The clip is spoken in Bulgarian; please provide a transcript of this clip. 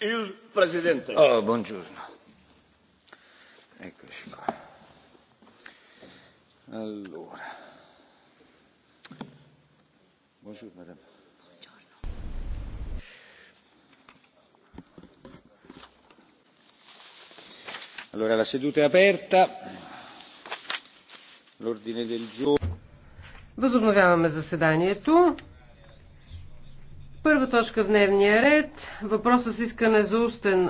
Il Presidente. Oh, buongiorno. Eccoci qua. Allora. Buongiorno, madame. Buongiorno. Allora, la seduta è aperta. L'ordine del giorno. Възобновяваме заседанието. Първа точка в дневния ред. Въпросът с искане за устен